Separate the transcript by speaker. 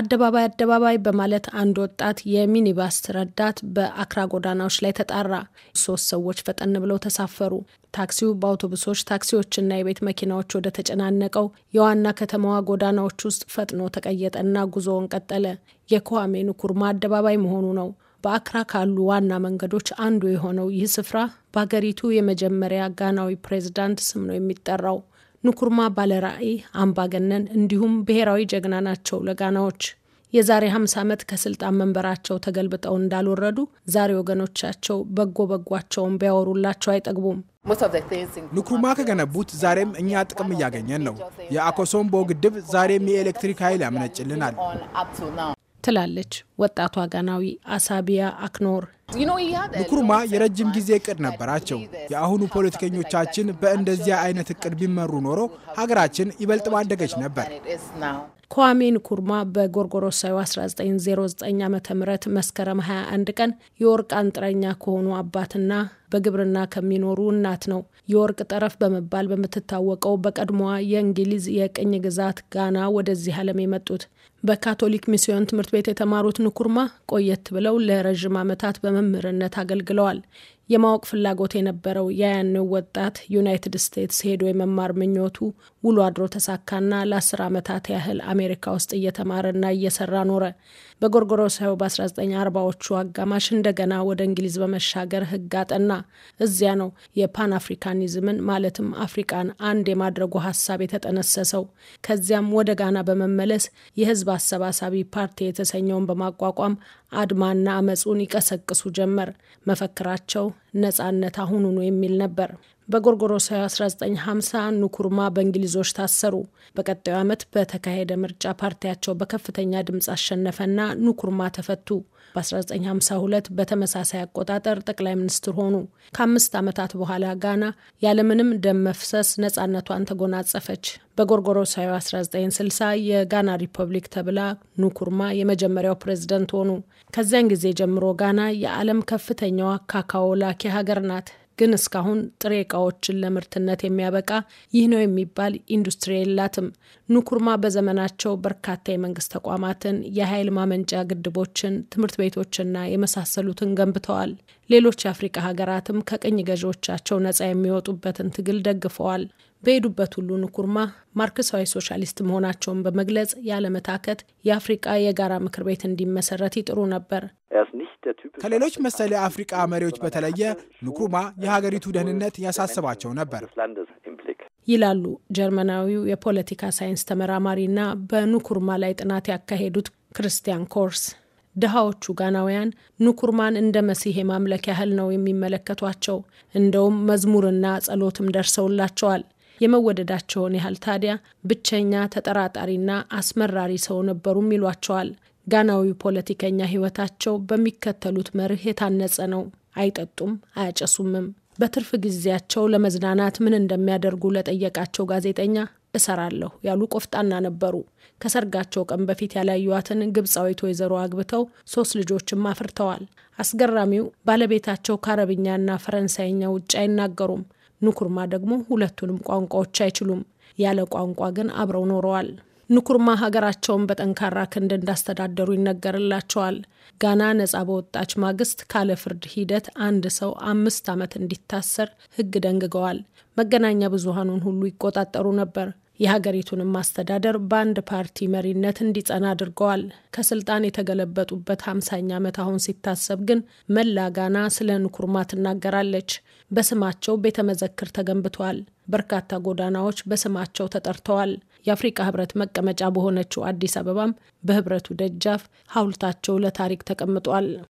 Speaker 1: አደባባይ አደባባይ በማለት አንድ ወጣት የሚኒባስ ረዳት በአክራ ጎዳናዎች ላይ ተጣራ። ሶስት ሰዎች ፈጠን ብለው ተሳፈሩ። ታክሲው በአውቶቡሶች፣ ታክሲዎችና የቤት መኪናዎች ወደ ተጨናነቀው የዋና ከተማዋ ጎዳናዎች ውስጥ ፈጥኖ ተቀየጠና ጉዞውን ቀጠለ። የኩዋሜ ንኩርማ አደባባይ መሆኑ ነው። በአክራ ካሉ ዋና መንገዶች አንዱ የሆነው ይህ ስፍራ በሀገሪቱ የመጀመሪያ ጋናዊ ፕሬዝዳንት ስም ነው የሚጠራው። ንኩርማ ባለራዕይ አምባገነን እንዲሁም ብሔራዊ ጀግና ናቸው ለጋናዎች። የዛሬ 50 ዓመት ከስልጣን መንበራቸው ተገልብጠው እንዳልወረዱ ዛሬ ወገኖቻቸው በጎ በጓቸውን ቢያወሩላቸው አይጠግቡም።
Speaker 2: ንኩርማ ከገነቡት ዛሬም እኛ ጥቅም እያገኘን ነው። የአኮሶምቦ ግድብ ዛሬም የኤሌክትሪክ ኃይል ያመነጭልናል።
Speaker 1: ትላለች ወጣቷ ጋናዊ አሳቢያ አክኖር። ንኩርማ
Speaker 2: የረጅም ጊዜ እቅድ ነበራቸው። የአሁኑ ፖለቲከኞቻችን በእንደዚያ አይነት እቅድ ቢመሩ ኖሮ ሀገራችን ይበልጥ ባደገች ነበር።
Speaker 1: ኳሜ ንኩርማ በጎርጎሮሳዊ 1909 ዓ ም መስከረም 21 ቀን የወርቅ አንጥረኛ ከሆኑ አባትና በግብርና ከሚኖሩ እናት ነው። የወርቅ ጠረፍ በመባል በምትታወቀው በቀድሞዋ የእንግሊዝ የቅኝ ግዛት ጋና ወደዚህ ዓለም የመጡት በካቶሊክ ሚስዮን ትምህርት ቤት የተማሩት ንኩርማ ቆየት ብለው ለረዥም ዓመታት በመምህርነት አገልግለዋል። የማወቅ ፍላጎት የነበረው የያኔው ወጣት ዩናይትድ ስቴትስ ሄዶ የመማር ምኞቱ ውሎ አድሮ ተሳካና ለአስር ዓመታት ያህል አሜሪካ ውስጥ እየተማረና እየሰራ ኖረ። በጎርጎሮሳዊ በ1940ዎቹ አጋማሽ እንደገና ወደ እንግሊዝ በመሻገር ሕግ አጠና። እዚያ ነው የፓን አፍሪካኒዝምን ማለትም አፍሪቃን አንድ የማድረጉ ሀሳብ የተጠነሰሰው። ከዚያም ወደ ጋና በመመለስ የህዝብ አሰባሳቢ ፓርቲ የተሰኘውን በማቋቋም አድማና አመፁን ይቀሰቅሱ ጀመር። መፈክራቸው ነጻነት አሁኑኑ የሚል ነበር። በጎርጎሮሳዊ 1950 ኑኩርማ በእንግሊዞች ታሰሩ። በቀጣዩ ዓመት በተካሄደ ምርጫ ፓርቲያቸው በከፍተኛ ድምፅ አሸነፈና ኑኩርማ ተፈቱ። በ1952 በተመሳሳይ አቆጣጠር ጠቅላይ ሚኒስትር ሆኑ። ከአምስት ዓመታት በኋላ ጋና ያለምንም ደም መፍሰስ ነጻነቷን ተጎናጸፈች። በጎርጎሮሳዊ 1960 የጋና ሪፐብሊክ ተብላ ኑኩርማ የመጀመሪያው ፕሬዝደንት ሆኑ። ከዚያን ጊዜ ጀምሮ ጋና የዓለም ከፍተኛዋ ካካኦ ላኪ ተላኪ ሀገር ናት። ግን እስካሁን ጥሬ እቃዎችን ለምርትነት የሚያበቃ ይህ ነው የሚባል ኢንዱስትሪ የላትም። ኑኩርማ በዘመናቸው በርካታ የመንግስት ተቋማትን፣ የኃይል ማመንጫ ግድቦችን፣ ትምህርት ቤቶችና የመሳሰሉትን ገንብተዋል። ሌሎች የአፍሪካ ሀገራትም ከቅኝ ገዢዎቻቸው ነጻ የሚወጡበትን ትግል ደግፈዋል። በሄዱበት ሁሉ ንኩርማ ማርክሳዊ ሶሻሊስት መሆናቸውን በመግለጽ ያለመታከት የአፍሪቃ የጋራ ምክር ቤት እንዲመሰረት ይጥሩ ነበር።
Speaker 2: Er ከሌሎች መሰል የአፍሪቃ መሪዎች በተለየ ንኩሩማ የሀገሪቱ ደህንነት ያሳስባቸው ነበር
Speaker 1: ይላሉ ጀርመናዊው የፖለቲካ ሳይንስ ተመራማሪና በኑኩርማ ላይ ጥናት ያካሄዱት ክርስቲያን ኮርስ። ድሃዎቹ ጋናውያን ኑኩርማን እንደ መሲህ የማምለክ ያህል ነው የሚመለከቷቸው። እንደውም መዝሙርና ጸሎትም ደርሰውላቸዋል። የመወደዳቸውን ያህል ታዲያ ብቸኛ ተጠራጣሪና አስመራሪ ሰው ነበሩም ይሏቸዋል። ጋናዊ ፖለቲከኛ ሕይወታቸው በሚከተሉት መርህ የታነጸ ነው። አይጠጡም፣ አያጨሱምም። በትርፍ ጊዜያቸው ለመዝናናት ምን እንደሚያደርጉ ለጠየቃቸው ጋዜጠኛ እሰራለሁ ያሉ ቆፍጣና ነበሩ። ከሰርጋቸው ቀን በፊት ያላዩዋትን ግብፃዊት ወይዘሮ አግብተው ሶስት ልጆችም አፍርተዋል። አስገራሚው ባለቤታቸው ከአረብኛና ፈረንሳይኛ ውጭ አይናገሩም። ንኩርማ ደግሞ ሁለቱንም ቋንቋዎች አይችሉም። ያለ ቋንቋ ግን አብረው ኖረዋል። ንኩርማ ሀገራቸውን በጠንካራ ክንድ እንዳስተዳደሩ ይነገርላቸዋል። ጋና ነጻ በወጣች ማግስት ካለ ፍርድ ሂደት አንድ ሰው አምስት ዓመት እንዲታሰር ሕግ ደንግገዋል። መገናኛ ብዙሃኑን ሁሉ ይቆጣጠሩ ነበር። የሀገሪቱንም አስተዳደር በአንድ ፓርቲ መሪነት እንዲጸና አድርገዋል። ከስልጣን የተገለበጡበት ሀምሳኛ ዓመት አሁን ሲታሰብ ግን መላ ጋና ስለ ንኩርማ ትናገራለች። በስማቸው ቤተ መዘክር ተገንብተዋል። በርካታ ጎዳናዎች በስማቸው ተጠርተዋል። የአፍሪቃ ህብረት መቀመጫ በሆነችው አዲስ አበባም በህብረቱ ደጃፍ ሐውልታቸው ለታሪክ ተቀምጧል።